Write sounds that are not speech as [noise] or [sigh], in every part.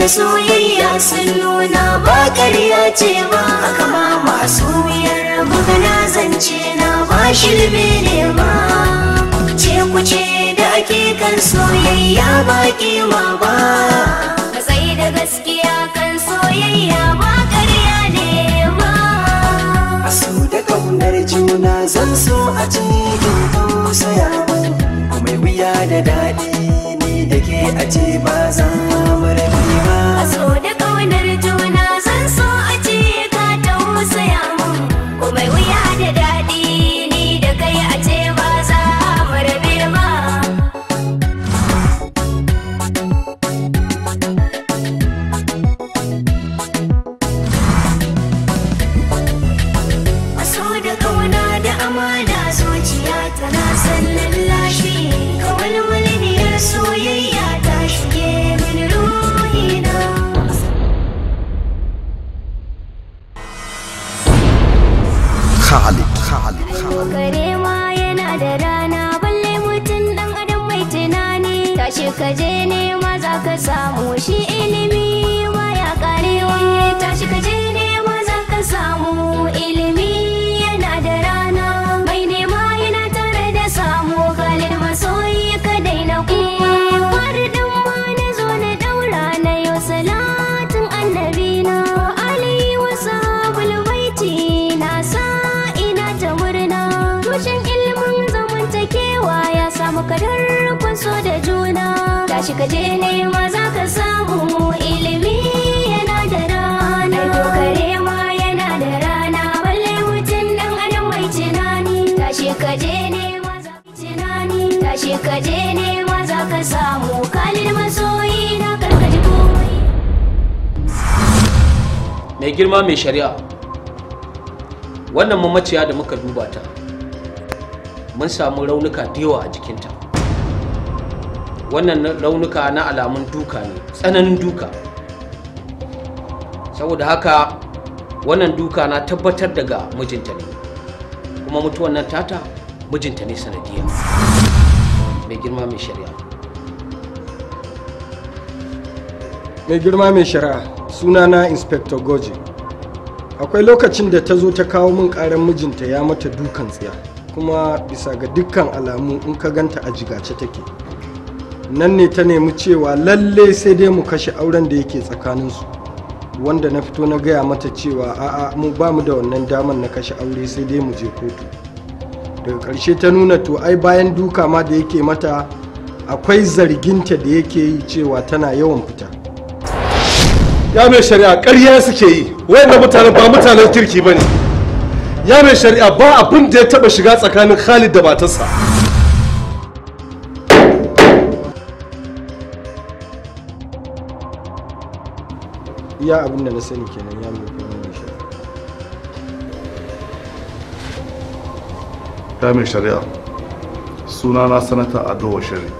na soyayya sun nuna ba karya ce ba haka ma masu wuyar magana zance na ba shirme ne ba ce kuce da ake kan soyayya ba kima ba ka da gaskiya kan soyayya ba karya ne ba a so da kaunar juna zan so a cikin tausaya mai wuya da daɗi a ce ba zan bar ba tashi ka je nema za ka samu ilimi yana da rana kare ma yana da rana balle mutum dan adam mai tunani tashi ka je nema za ka tunani tashi ka je nema za ka samu kalin masoyi na karkaji komai mai girma mai shari'a wannan mamaciya da muka duba ta mun samu raunuka da yawa a jikinta wannan launuka na alamun duka ne tsananin duka saboda haka wannan duka na tabbatar daga mijinta ne kuma mutuwan nan tata mijinta ne sanadiyya mai girma mai shari'a mai girma mai shari'a sunana inspector goji akwai lokacin da ta zo ta kawo min karen mijinta ya mata dukan tsiya kuma bisa ga dukkan alamu in ka ganta a jigace take nan ne ta nemi cewa lalle sai dai mu kashe auren da yake tsakaninsu wanda na fito na gaya mata cewa a'a mu ba mu da wannan daman na kashe aure sai dai mu je kotu daga ƙarshe ta nuna to ai bayan duka ma da yake mata akwai zarginta da yake yi cewa tana yawan fita ya mai shari'a ƙarya suke yi wanda mutanen ba mutanen kirki ba ne ya mai shari'a ba abin da ya taɓa shiga tsakanin khalid da matarsa iya abin da na sani kenan ya mai ya mai shari'a suna na sanata a adowa shari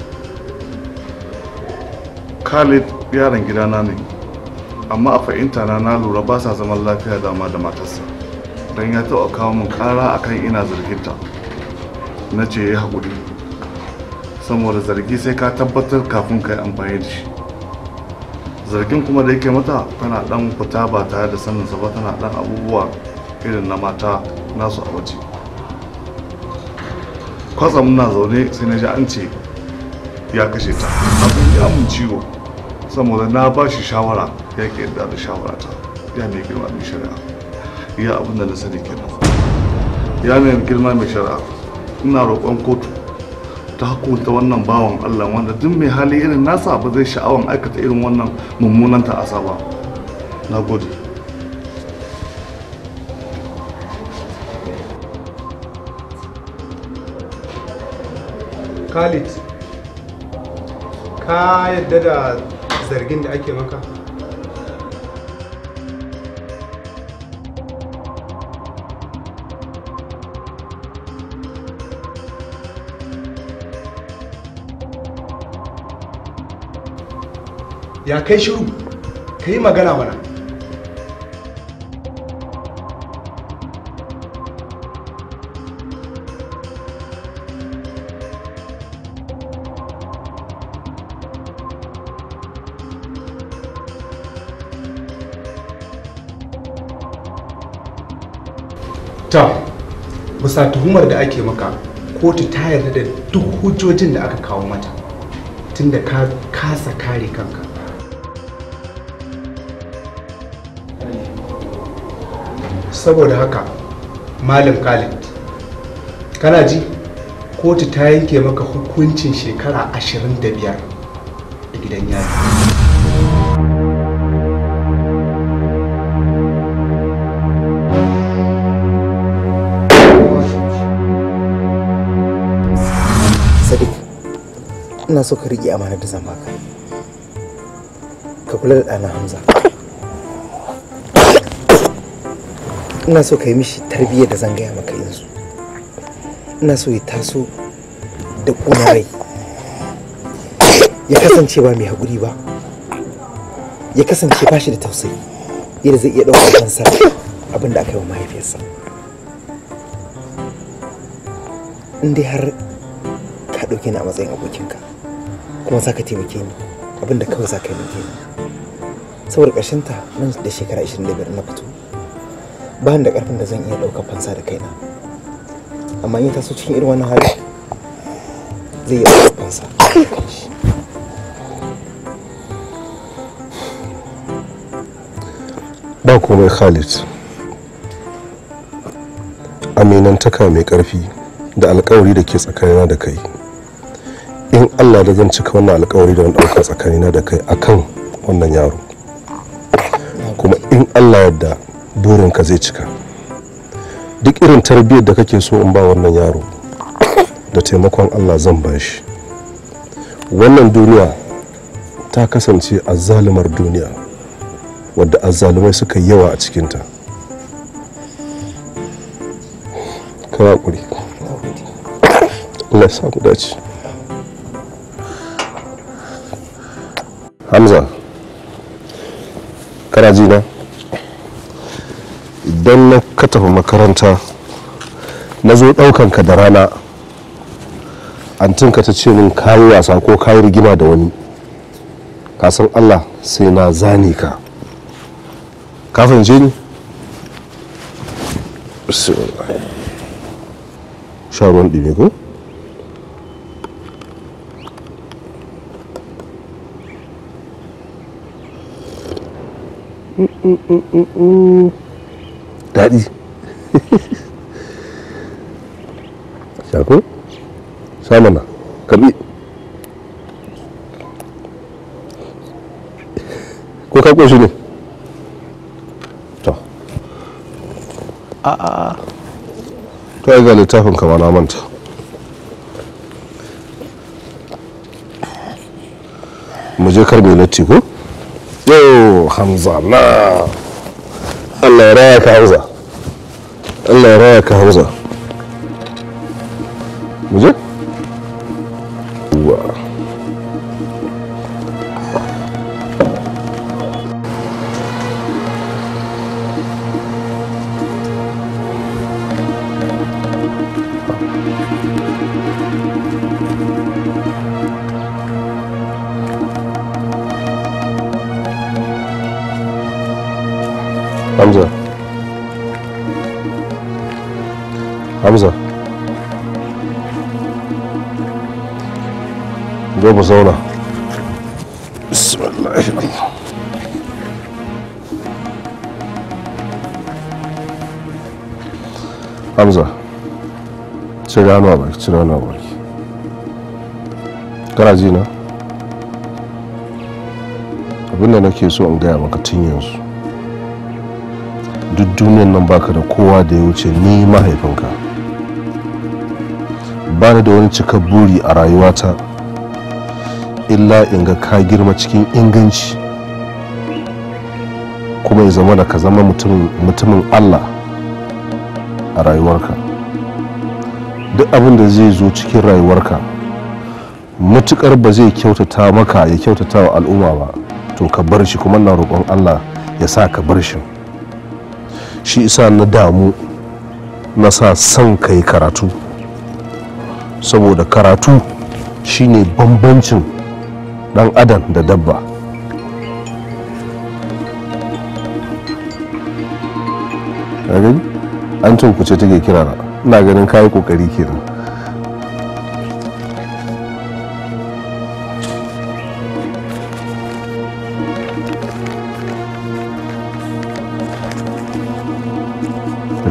khalid yaron gidana ne amma a fahimta na na lura ba sa zaman lafiya dama da matarsa don ya taɓa kawo min ƙara kan ina zarginta na ce ya haƙuri saboda zargi sai ka tabbatar kafin ka yi amfani da shi zargin kuma da yake mata tana dan fita ba tare da sanin sa ba tana dan abubuwa irin na mata nasu a waje kwatsam na zaune sai na ji an ce ya kashe ta abin ya mun ciwo saboda na ba shi shawara ya ke yadda da shawara ta ya mai girma mai shari'a ya abin da na sani kenan ya mai girma mai shari'a ina roƙon kotu ta hukunta wannan bawan Allah wanda duk mai hali irin nasa ba zai sha'awan aikata irin wannan mummunan ta'asa ba na gode Khalid ka yadda da zargin da ake maka ya kai shiru ka yi magana mana ta bisa tuhumar da ake maka kotu ta yarda da duk hujjojin da aka kawo mata tunda ka kasa kare kanka saboda haka malam khalid kana ji kotu ta yanke maka hukuncin shekara 25 a gidan yari sadiq ina so ka riƙe amanar da zan baka ka kula da ɗana hamza ina so ka yi mishi tarbiyyar da zan gaya maka yanzu ina so ya taso da kuna rai ya kasance ba mai haƙuri ba ya kasance ba shi da tausayi yadda zai iya ɗaukar kansa abin da aka yi wa mahaifiyarsa in dai har ka ɗauke ni a matsayin abokinka kuma za ka taimake ni abin da kawai za ka yi ni saboda ƙarshen ta nan da shekara 25 na fito ba da karfin da zan iya ɗaukar fansa da kaina amma in taso cikin irin wani hali zai iya ɗaukar fansa ba komai khalid aminantaka mai karfi da alkawari da ke tsakanina da kai in allah da zan cika wannan alkawari da wani tsakanin tsakanina da kai akan wannan yaro kuma in allah yadda burinka zai cika duk irin tarbiyyar da kake so in ba wannan yaro da taimakon allah zan ba shi wannan duniya ta kasance a zalimar duniya wadda azzalumai suka yi yawa a cikinta kawa kuri allah dace hamza kana ji na idan na ka tafi makaranta na zo ɗaukanka da rana an antinka ta ce min kayi wasa ko kayi rigima da wani kasan allah sai na zane ka kafin jini mm mm mm mm mm daɗi shaku samana kabi ko ka ƙunshi ne to a a to ga littafin kama na manta mu je kar mai latti ko yau hamza na Allah ya raya ka hauza Allah ya raya ka hauza mu je zauna bismillahirrahmanirrahim hamza cire hannu a baki cire hannu a baki kana ji na abinda nake so in gaya maka tun yanzu duk duniyan nan baka da kowa da ya wuce ni mahaifinka ba ni da wani cika buri a rayuwata illa in ga ka girma cikin inganci kuma ya zama da ka zama mutumin allah a rayuwarka duk abin da zai zo cikin rayuwarka matukar ba zai kyautata maka ya kyautata wa al'umma ba to ka bar shi kuma na roƙon allah ya sa ka bar shi shi isa na damu na sa son ka yi karatu saboda karatu shine bambancin dan adam da dabba an tunkuce take kirana ina ganin kayi kokari kenan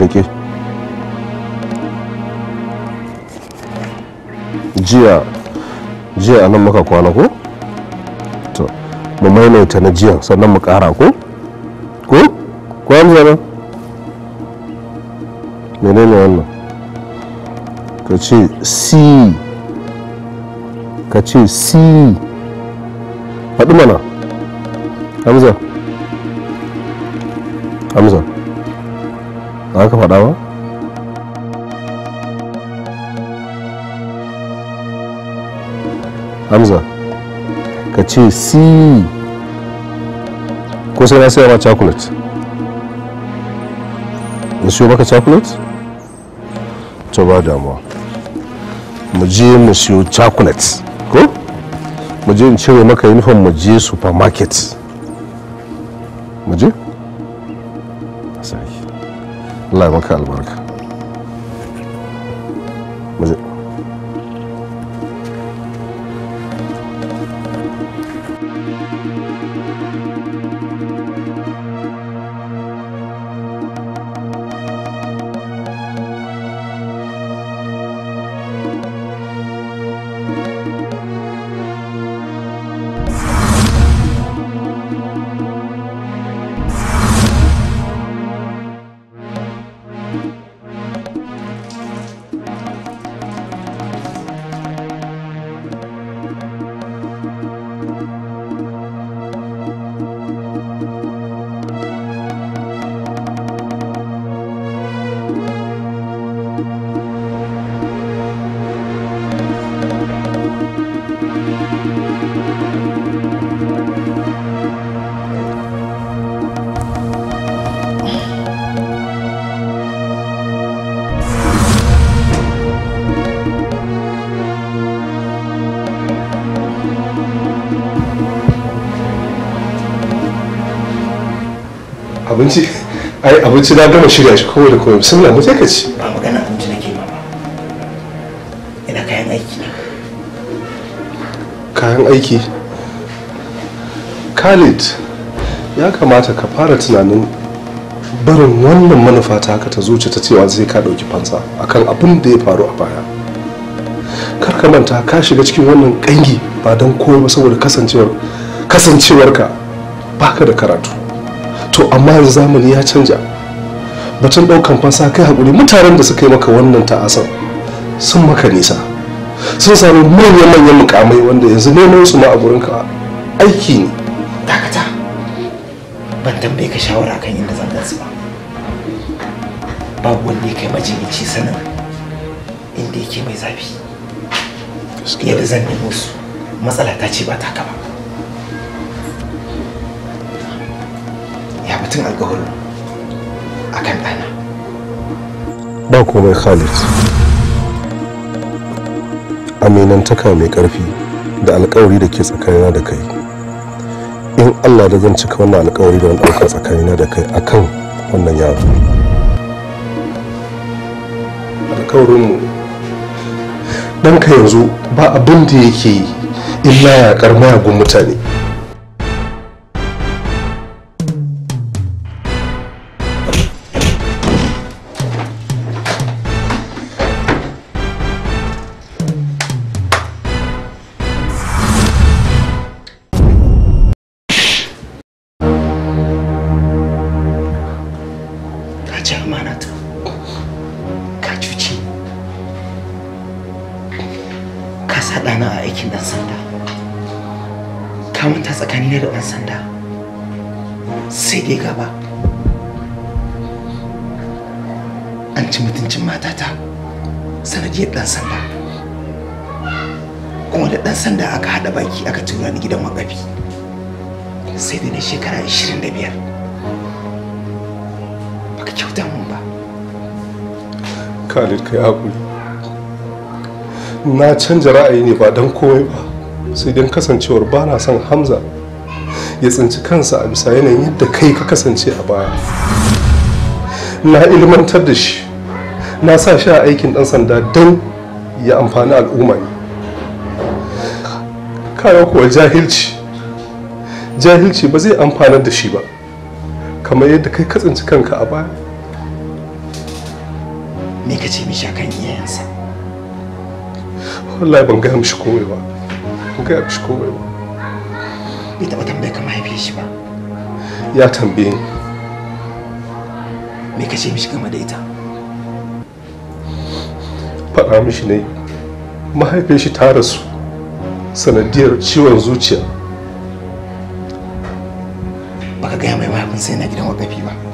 rike jiya jiya nan maka kwana ko? maimaita na jiya sannan mu kara ko ko ko an zama ne wannan ka ce c ka ce c faɗi mana hamza hamza ba ka faɗa ba hamza ka ce c ko sai na saya ma chocolate in siyo maka chocolate to ba damuwa mu je mu siyo chocolate ko mu je in cire maka uniform mu je supermarket mu je Allah ya maka albarka abinci ai abinci na gama shirya shi kowa da kowa bismillah mu sai ka ci ba magana abinci na ke ba ina kayan aiki kayan aiki khalid ya kamata ka fara tunanin barin wannan manufa ta haka ta zuce ta cewa zai ka ɗauki fansa akan abin da ya faru a baya kar ka manta ka shiga cikin wannan ƙangi ba don komai ba saboda kasancewar kasancewarka baka da karatu to amma yanzu zamani ya canja batun ɗaukan fansa kai hakuri mutanen da suka yi maka wannan ta'asar sun maka nisa sun sami manyan manyan mukamai wanda yanzu neman su ma a gurinka aiki ne dakata ban tambaye ka shawara kan inda zan gansu ba babu wanda ya kai majinyaci sanin inda yake mai zafi yadda zan nemo su matsala ta ce ba ta ba. sin alkawari a kan ɗana ba komai khalid aminantaka mai ƙarfi da alƙawari da ke tsakanina da kai in allah da zan cika wannan alƙawari da wani ɗauka tsakanina da kai akan wannan yaro dan ɗanka yanzu ba abin da yake yi illa ya karma ya mutane kai haƙuri na canza ra'ayi ne ba don komai ba sai don kasancewar ba na son hamza ya tsinci kansa a bisa yanayin yadda kai ka kasance a baya na ilmantar da shi na sa shi a aikin dan sanda don ya amfani al'umma ne kawo kuwa jahilci jahilci ba zai amfanar da shi ba kamar yadda kai ka tsinci kanka a baya me ka ce mishi akan iyayensa wallahi ban gaya mishi komai ba ban gaya mishi komai ba bai taɓa tambaye ka mahaifi shi ba ya tambaye me ka ce mishi game da ita faɗa mishi ne mahaifiyar shi ta rasu sanadiyar ciwon zuciya baka gaya mai mahaifin sai na gidan wakafi ba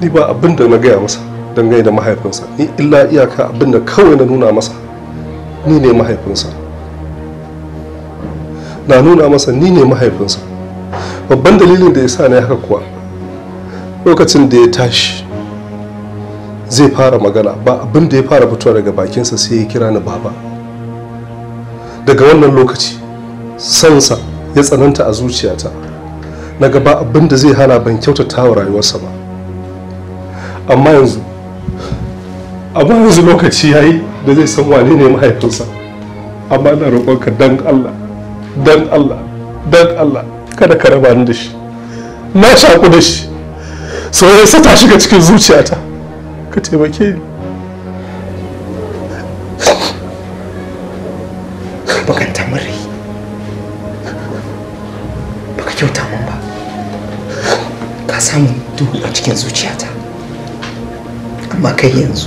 ni ba abin da na gaya masa dangane da mahaifinsa ni illa iyaka abin da kawai na nuna masa ni ne mahaifinsa na nuna masa ni ne mahaifinsa babban dalilin da ya sa na haka kuwa lokacin da ya tashi zai fara magana ba abin da ya fara fitowa daga bakinsa sai ya kira ni baba daga wannan lokaci sansa ya tsananta a zuciyata na gaba abin da zai hana ban kyautata wa rayuwarsa ba amma yanzu abin yanzu lokaci ya yi da zai san wane ne mahaifinsa amma ina roƙonka dan Allah dan Allah dan Allah kada ka raba ni da shi na shaku da shi sauran sa ta shiga cikin zuciyata ka taimake ni bakanta mun rai baka kyauta mun ba ka duhu a cikin zuciyata amma kai yanzu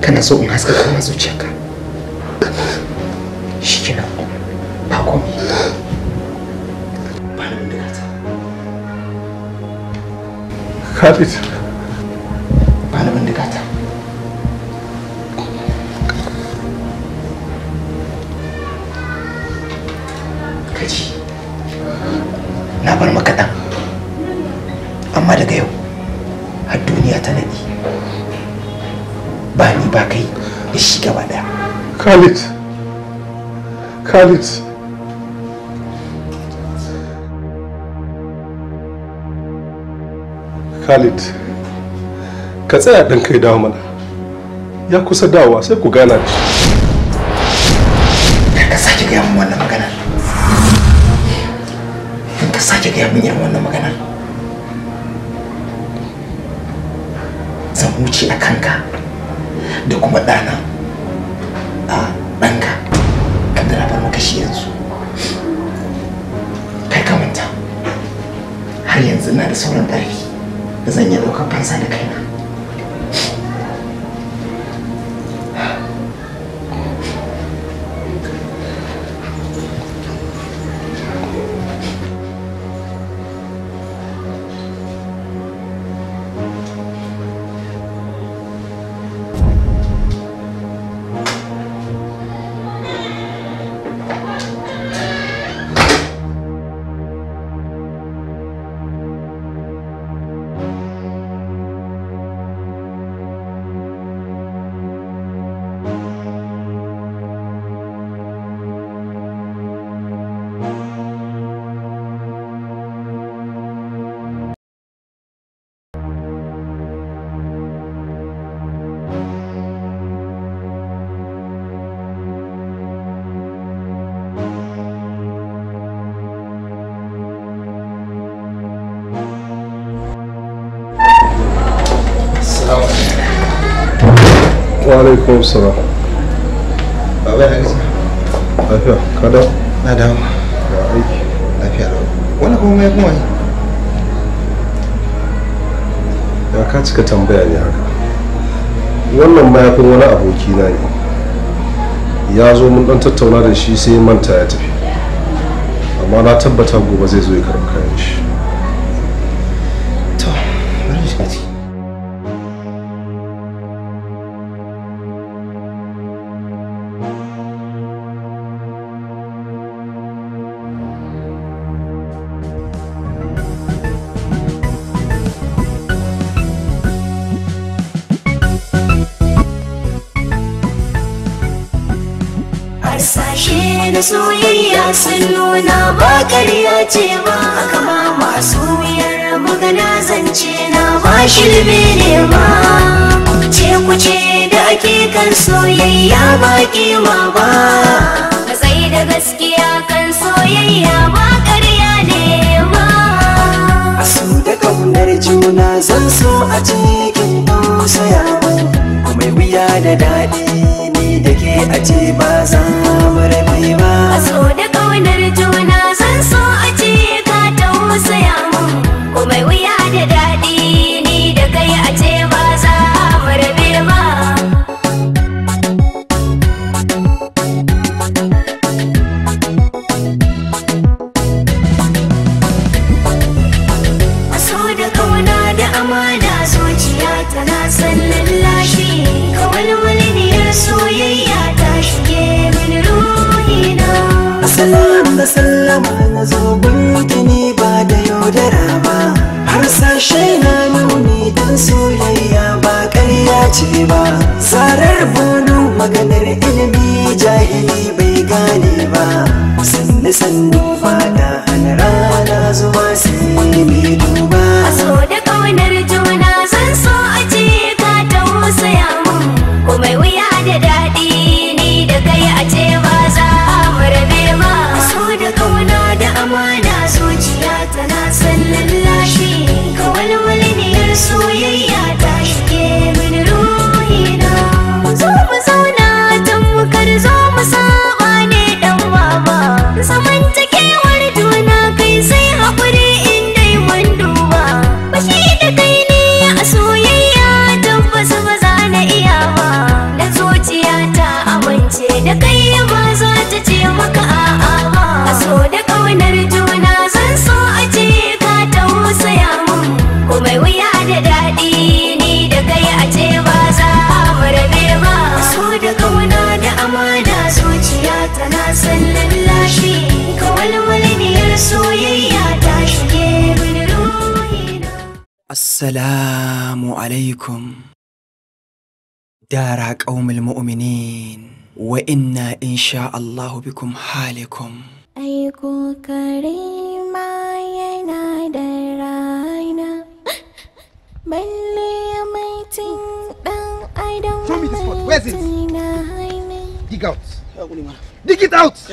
kana so in haska kama zuciyarka shi kina ba komai ba na bindiga ta Khalid ba ni da Khalid. Khalid. Khalid. Ka tsaya dan kai dawo mana. Ya kusa dawowa sai ku gana da shi. Ka sake ga min wannan عليكم السلام baba wani kuma tambaya ne wannan mayafin wani aboki ne ya zo mun dan tattauna da shi sai manta ya tafi amma na tabbata gobe zai zo ya karɓi kayan shi da soyayya sun nuna ba karya ce ba haka ma masu wuyar magana zance na ba shirme ne ba ce kuce da ake kan soyayya ba kima ba matsayi da gaskiya kan soyayya ba karya ne ba a su da ƙaunar juna zan so a cikin tausaya mai wuya da daɗi a ce ba za mu rabe ba السلام عليكم دارك قوم المؤمنين وإنا إن شاء الله بكم حالكم أيكو كريما ينادى راينا بل يميتين دان أيدم Show me this spot, Dig it? Dig out Dig it out!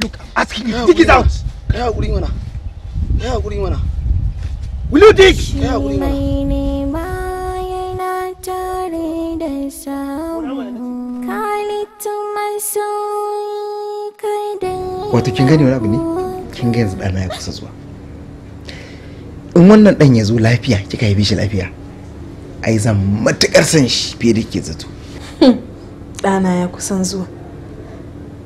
Look, I'm asking you, dig it out! Dig it out! Will you dig? Wato kin gani wani abu ne? Kin ga yanzu ɗana ya kusa zuwa. In wannan ɗan ya zo lafiya kika yi shi lafiya. Ai zan matuƙar san shi fiye da ke zato. Hmm, ɗana ya kusan zuwa.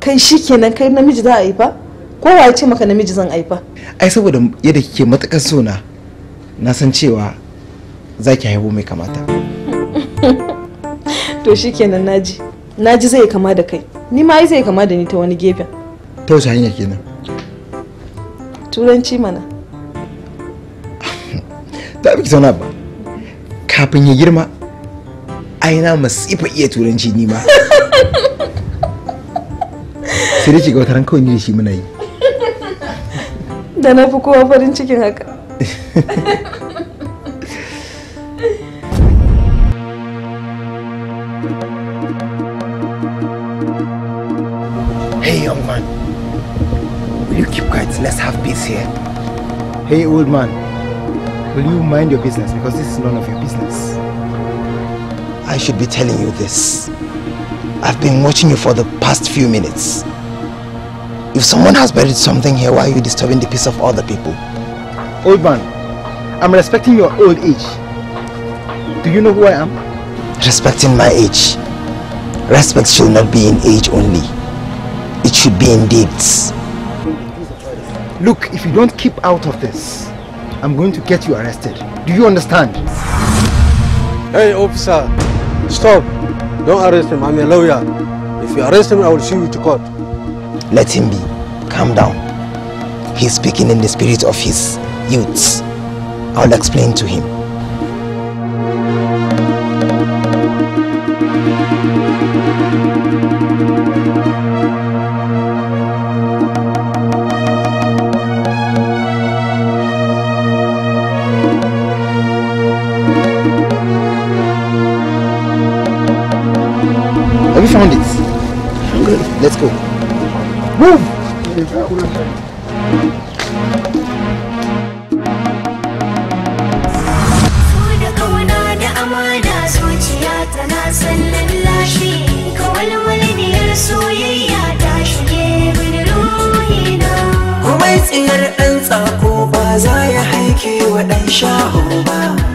Kai shi kenan kai namiji za a yi haifa? Kowa ya ce maka namiji zan haifa? Ai saboda yadda kike matuƙar sona na san cewa za ki haihu mai kamata [laughs] to shikenan naji naji zai kama da kai ni ma zai kama da ni ta wani gefen ta wace hanya kenan turanci mana [laughs] ta biki sauna ba kafin ya girma aina masifa iya turanci ni ma [laughs] sai dai ki ga wataran kawai ni da shi muna yi da na fi kowa farin cikin haka [laughs] hey, young man. Will you keep quiet? Let's have peace here. Hey, old man. Will you mind your business? Because this is none of your business. I should be telling you this. I've been watching you for the past few minutes. If someone has buried something here, why are you disturbing the peace of other people? Old man, I'm respecting your old age. Do you know who I am? Respecting my age. Respect should not be in age only. It should be in deeds. Look, if you don't keep out of this, I'm going to get you arrested. Do you understand? Hey, officer, stop. Don't arrest him. I'm a lawyer. If you arrest him, I will sue you to court. Let him be. Calm down. He's speaking in the spirit of his youths. I will explain to him. Have you found it? I'm good. Let's go. Move! ɗan shaho ba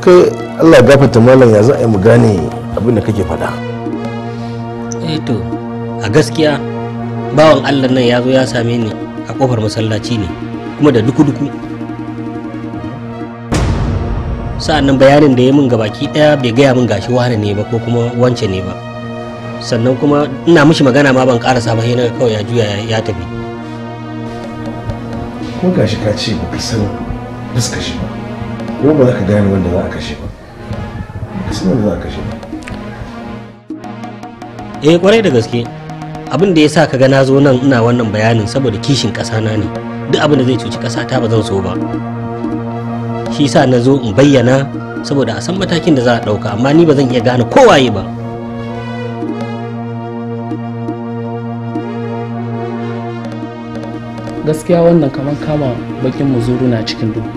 kai allah gafarta malam ya za a yi mu gane abin da kake faɗa eh a gaskiya bawan allah nan ya zo ya same ni a kofar masallaci ne kuma da duku-duku nan bayanin da ya min gabaki daya bai gaya min gashi wahala ne ba ko kuma wance ne ba sannan kuma ina mishi magana ma ban karasa ba yana kawai ya juya ya tafi ko gashi ka ce ba ka san shi ba yau ba za ka gane wanda za a kashe ba ka san wanda za a kashe ba eh kwarai da gaske abin da ya sa ka ga na zo nan ina wannan bayanin saboda kishin ƙasa na ne duk abin da zai cuci ƙasa ta ba zan so ba shi sa na zo in bayyana saboda a san matakin da za a ɗauka amma ni ba zan iya gane kowaye ba gaskiya wannan kamar kama bakin muzuru na cikin duhu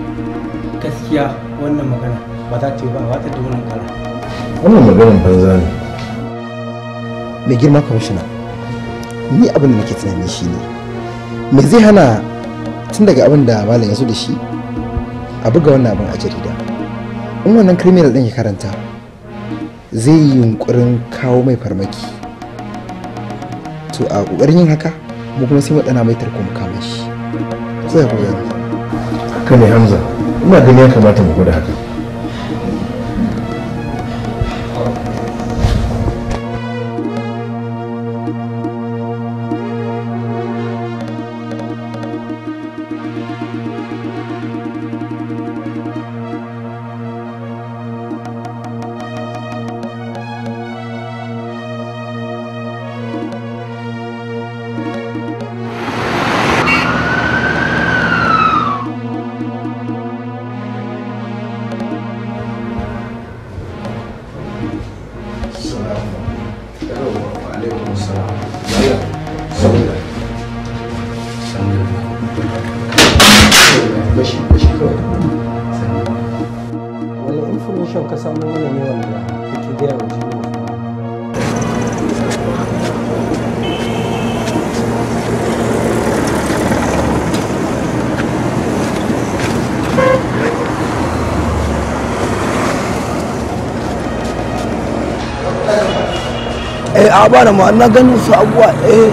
gaskiya wannan magana ba za ta yi ba ba ta wannan kara wannan maganar banza ne mai girma kwamishina ni abin da nake tunani shi ne me zai hana tun daga abin da malam ya zo da shi a buga wannan abin a jarida in wannan criminal ɗin ya karanta zai yi yunkurin kawo mai farmaki to a ƙoƙarin yin haka mu kuma sai mu ɗana mai tarko mu kama shi sai ku gani haka ne hamza ina ganin ya kamata mu gwada haka a ba da ma na ganin su abuwa eh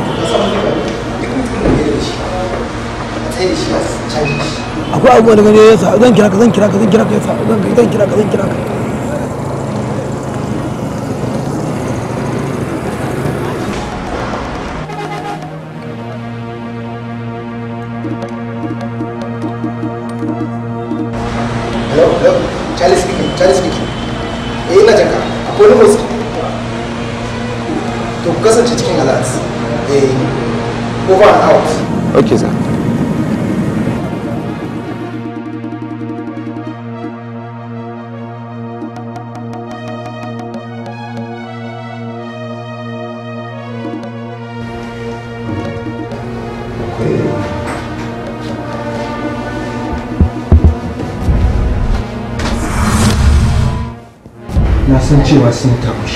akwai abubuwa da gani ya yasa zan kira ka zan kira ka zan kira ka ya sa zan kira ka zan kira ka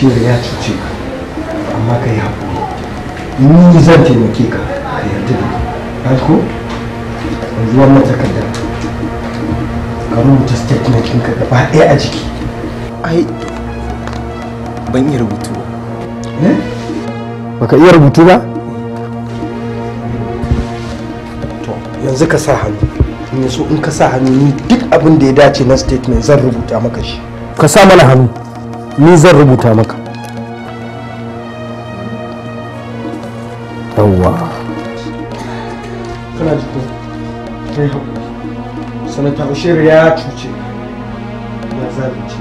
da ya cuce ka amma ka yi haƙuri ni zan taimake ka a yarda da ni ko yanzu wannan takarda ka rubuta statement ɗinka gaba ɗaya a jiki ai ban iya rubutu ba eh? baka iya rubutu ba to yanzu ka sa hannu in so in ka sa hannu ni duk abin da ya dace na statement zan rubuta maka shi ka sa mana hannu ni zan rubuta maka bashir ya cuce ya zalunce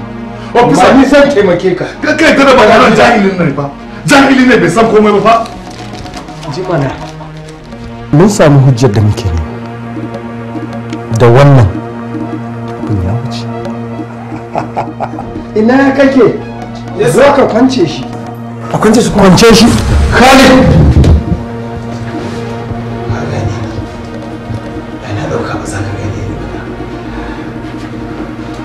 ofisa ni zan taimake ka kai kai ba nan jahilin nan ba jahili ne bai san komai ba fa ji mana mun samu hujjar da muke ne da wannan abin ya wuce [laughs] ina kake zo ka kwance shi a kwance shi kwance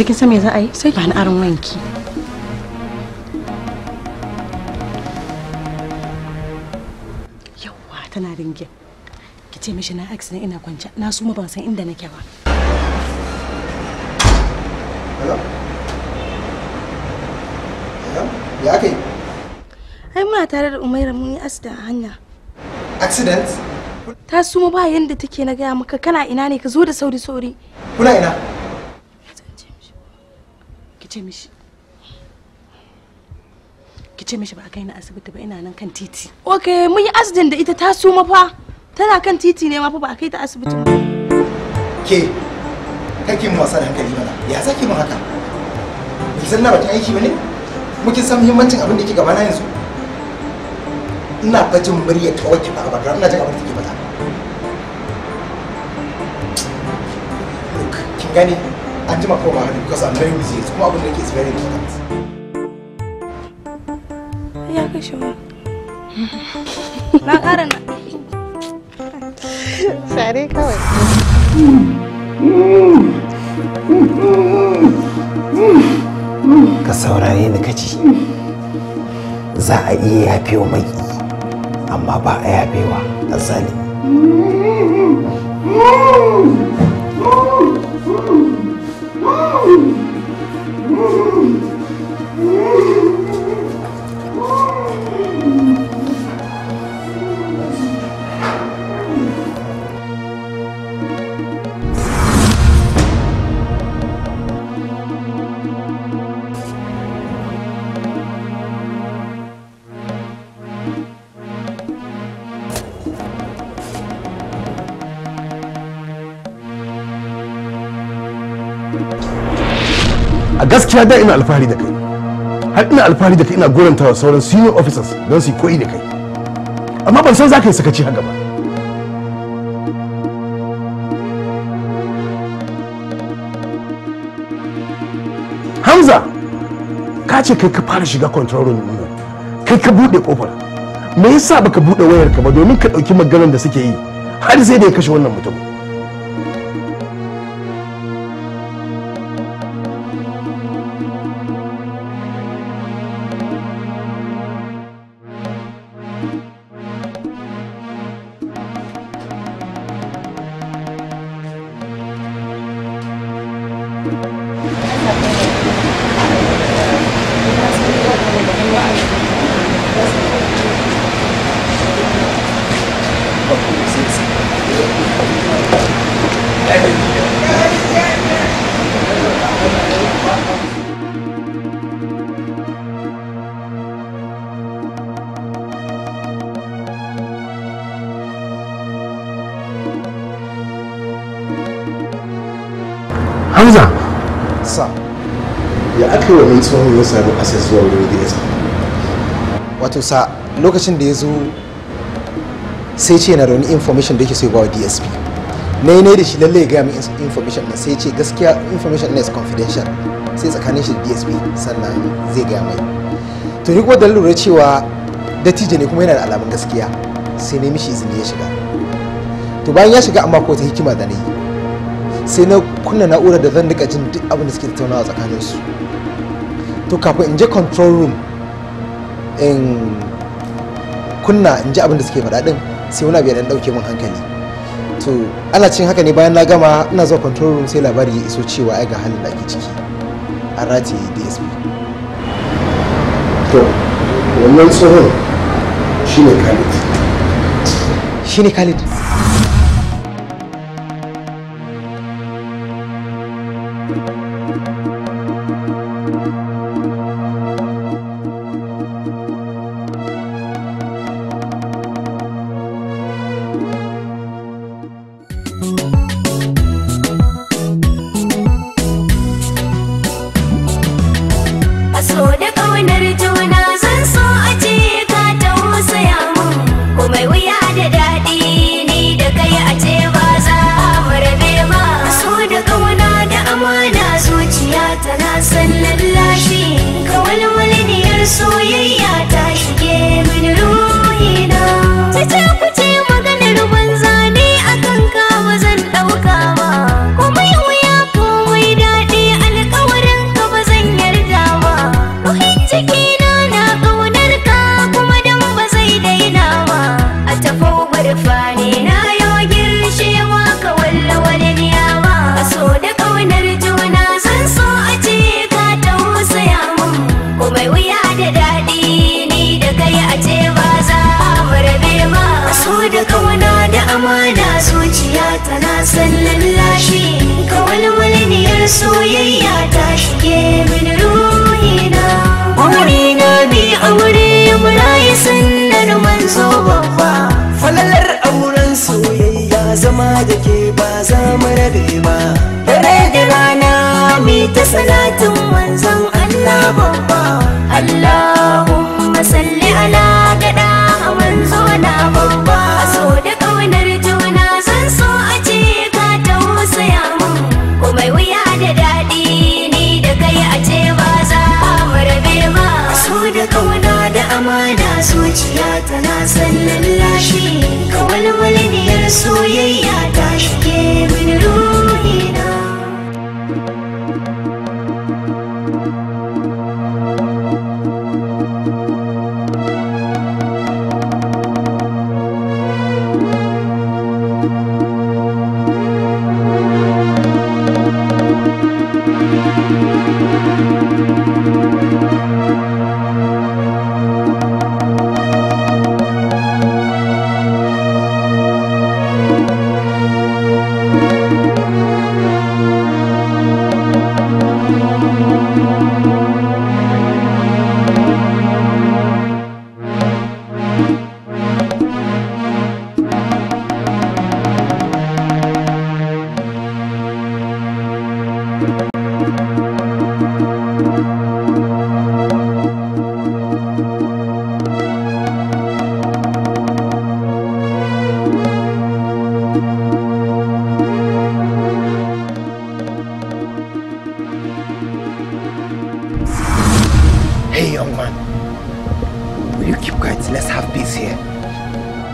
yanzu kin san me za a yi sai ba ni aron wanki yawa tana ringe ki ce mishi na accident ina kwanci na ma ban san inda nake ba ya kai ai muna tare da umaira mun yi asida a hanya accident ta suma ba yanda take na gaya maka kana ina ne ka zo da sauri sauri kuna ina ce mishi ki ce mishi ba a kai ni asibiti ba ina nan kan titi ok mun yi asidin da ita ta suma fa tana kan titi ne ma fa ba a kai ta asibiti ba ke kake mu wasa da hankali mana ya zaki mu haka ki san na ta aiki bane mu kin san muhimmancin abin da ke gaba na yanzu ina fatin muryar ta wacce ba ba ina jin abin da ke faɗa an jima kawai ba haka because I'm very busy kuma abin da ke is very important. Ya kashe wa. Na ƙara na. Sare kawai. Ka saurare ni ka ci. Za a iya yafewa mai amma ba a yafewa a zalimi. Uh! Uh! gaskiya da ina alfahari da kai har ina alfahari da kai ina goranta sauran senior officers don su koyi da kai amma ban san za ka yi sakaci haka ba hamza ka ce kai ka fara shiga control room ɗin kai ka buɗe ƙofar? me yasa baka buɗe ka ba domin ka ɗauki maganar da suke yi har sai da ya kashe wannan mutum tsohon ya sami access zuwa wurin dsp wato sa lokacin da ya zo sai ce na da wani information da yake so ya ba wa dsp na yi da shi lallai gaya min information na sai ce gaskiya information na is confidential sai tsakanin shi da dsp sannan zai gaya mai to ni kuma da lura cewa dattijo ne kuma yana da alamun gaskiya sai na mishi izini ya shiga to bayan ya shiga amma ko ta hikima da na yi sai na kunna na'urar da zan rika jin duk abin da suke tattaunawa tsakaninsu to kafin in je control room in kunna in ji abin da suke faɗa din sai wani abu ya ɗan ɗauke min hankali to ana cin haka ne bayan na gama ina zuwa control room sai labari ya iso cewa ai ga halin da ake ciki an rataye dsp to wannan tsohon shine khalid shine khalid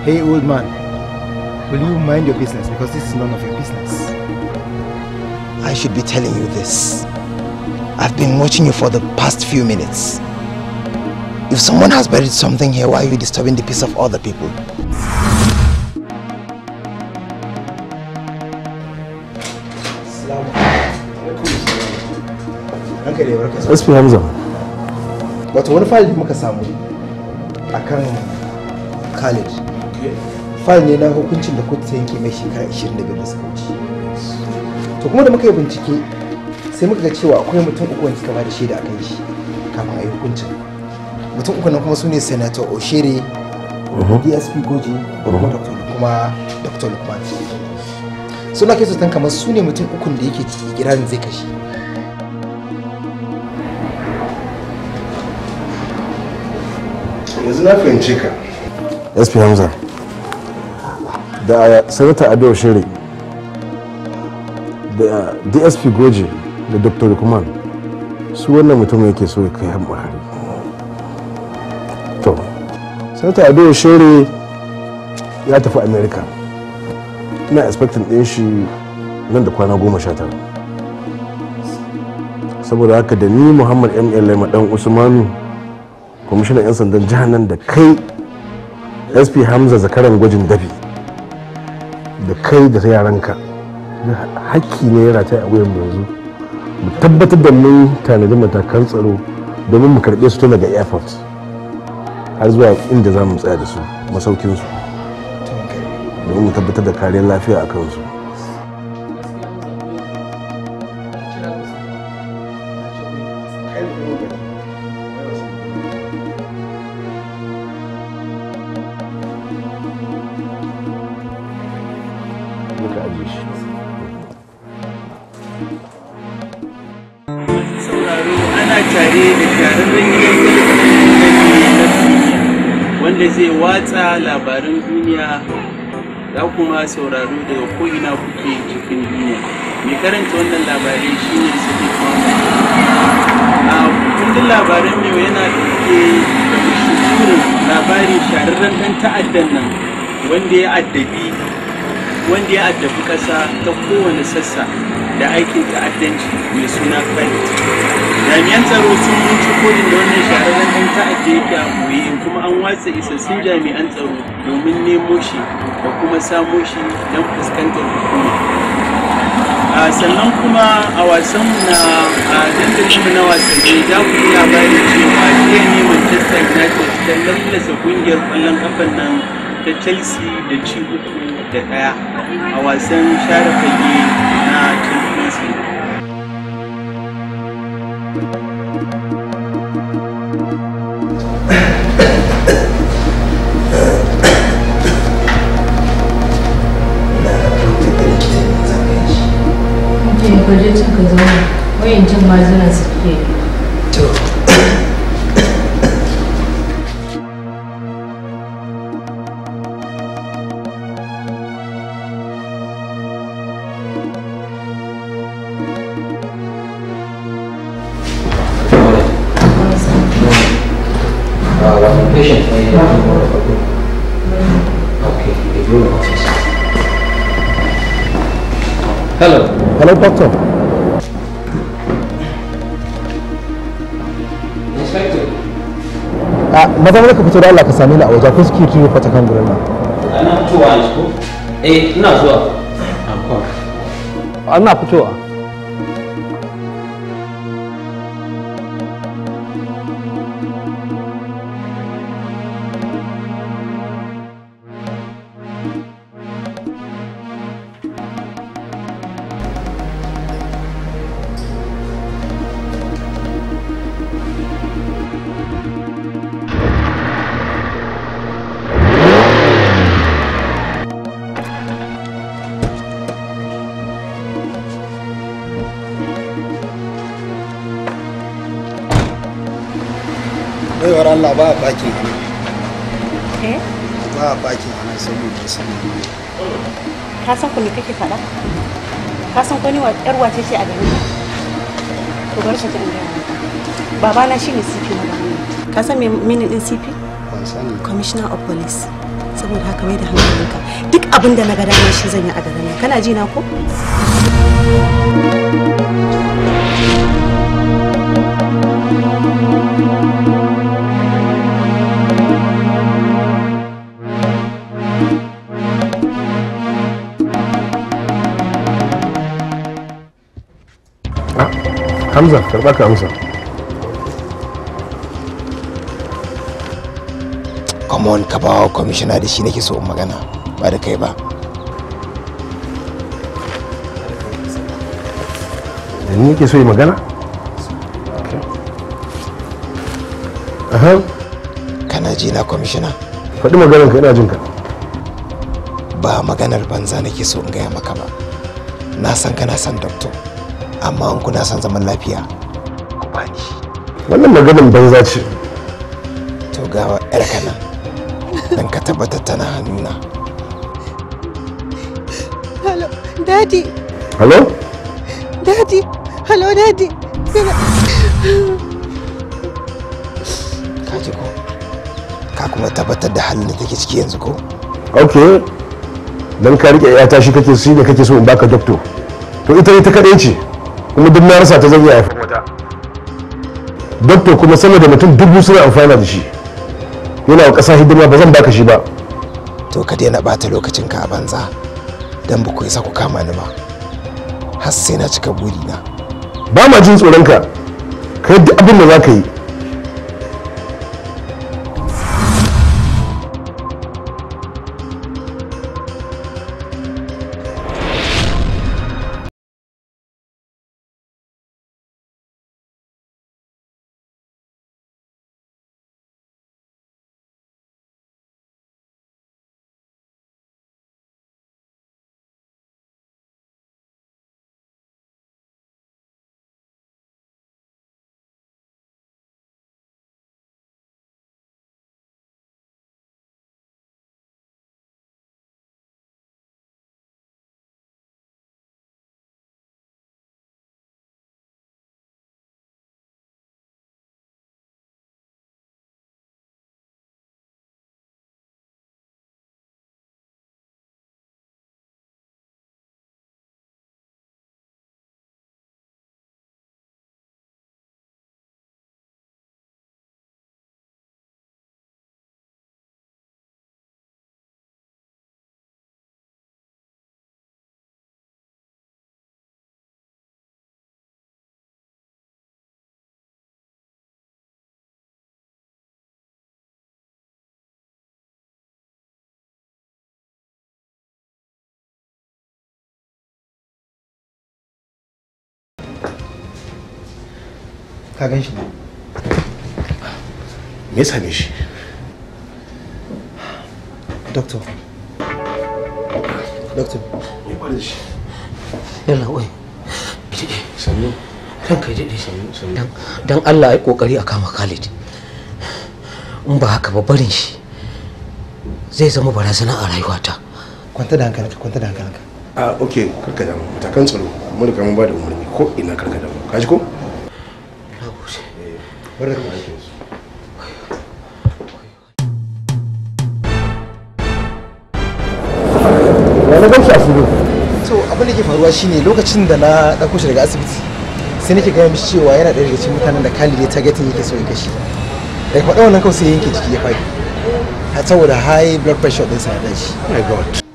Hey, old man, will you mind your business? Because this is none of your business. I should be telling you this. I've been watching you for the past few minutes. If someone has buried something here, why are you disturbing the peace of other people? SP Hamza. Wato wani fayil muka samu akan Khalid. fal ne na hukuncin da kotu ta yanke mai shekara 25 da suka wuce to kuma da muka yi bincike sai muka ga cewa akwai mutum uku wanda suka ba da shaida akan shi kafin a yi hukuncin mutum uku nan kuma su ne senator oshere mhm. dsp goji mhm. kuma dr lukman suna kai su kamar su ne mutum ukun da yake ciki kiran zai kashe yanzu na fahimce ka sp hamza da sanata ado shere da dsp goje da dr rukman su wannan mutum yake so ya kai hari to sanata ado shere ya tafi america ina expecting din shi nan da kwana goma sha tara saboda haka da ni muhammad ml dan usmanu kwamishinan 'yan sandan jihar nan da kai sp hamza zakaran gwajin dabi. kai da yaranka hakki ne yana ta a wuyan yanzu mu tabbatar da mun tanadi matakan tsaro domin mu karɓe su daga airport har zuwa inda zamu tsaya da su masaukinsu domin mu tabbatar da kariyar lafiya a kansu ma sauraro daga ko'ina kuke cikin duniya mai karanta wannan labarai shi ne su ke a kundin labaran yau yana ke shirin labari shahararren dan ta'addan nan wanda ya addabi wanda ya addabi ƙasa ta kowane sassa da aikin ta'addanci mai suna fight jami'an tsaro sun binci kodin da wannan shahararren ɗan ta'adda yake a ɓoye kuma an watsa isassun jami'an tsaro domin nemo shi da kuma samo shi don fuskantar hukuma sannan kuma a wasan na a dandalin na wasanni za ku yi labarin cewa jiya ne manchester united ta lallasa kungiyar kwallon kafan nan ta chelsea da ci uku da ɗaya a wasan share fage Hello, doctor. a ah, maza ka fito da Allah ka same ni a waje ko security ko ta kan gurin nan ana fitowa yanzu ko eh ina zuwa ana fitowa ka san me meaning din CP commissioner of police saboda haka mai da hankalinka duk abin da na ga dama shi zan yi a garin kana ji na ko Hamza, karɓa ka Hamza. Mamon ka ba wa kwamishina da shi nake so in magana ba da kai ba. Da ni nake so yi magana? Aha. Kana ji na kwamishina? Faɗi maganar ka ina jin ka. Ba maganar banza nake so in gaya maka ba. Na san kana san doktor, amma an kuna san zaman lafiya ku bani. Wannan maganar banza ce. To gawa 'yar kana. don ka tabbatar tana hannuna hello daddy hello daddy hello daddy ka ji ko ka kuma tabbatar da halin da take ciki yanzu ko okay don ka rike ya shi kake shi da kake so in baka doctor to ita ita kaɗai ce kuma duk na rasa ta zan iya haifar wata doctor kuma sama da mutum dubu suna amfana da shi yana wa ƙasa hidima ba zan baka shi ba to ka daina bata lokacinka a banza dan ba ku isa ku kama ni ba har sai na cika burina ba ma jin tsoron ka duk abin da za ka yi ka gan shi ne me ya same shi doctor doctor ya ba da shi yalla oi bidide sannu ranka ya dade sannu don Allah ai kokari a kama Khalid in ba haka ba barin shi zai zama barazana a rayuwata kwanta da hankalinka kwanta da hankalinka a ah, ok karka damu matakan tsaro mun riga mun ba da umarni ko ina karka damu kaji ko wani gaushe a suru to abin da ke faruwa shine lokacin da na ɗauko shi daga asibiti sai nake gaya mishi cewa yana ɗaya daga cikin mutanen da ta ta targetin yake so ya kashi daga faɗa wannan kawai sai yanke jiki ya faɗi saboda high blood pressure ɗinsa ya dashi oh my god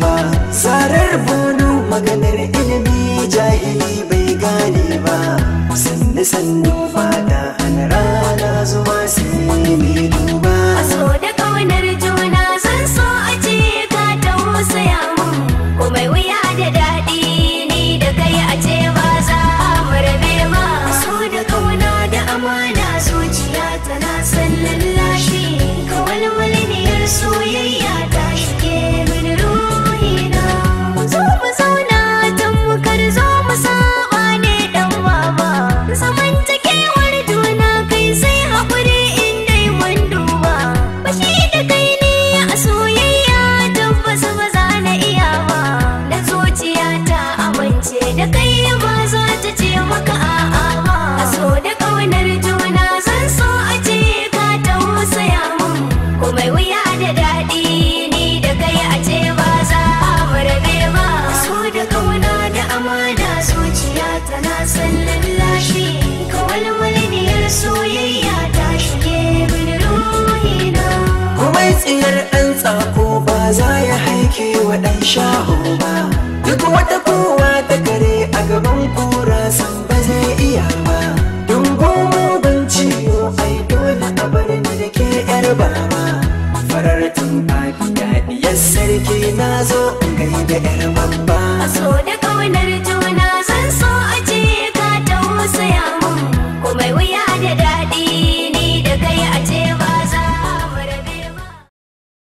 ba sarar bono maganar ilimi jahili bai gane ba sannu sannu fada hana rana zuwa sai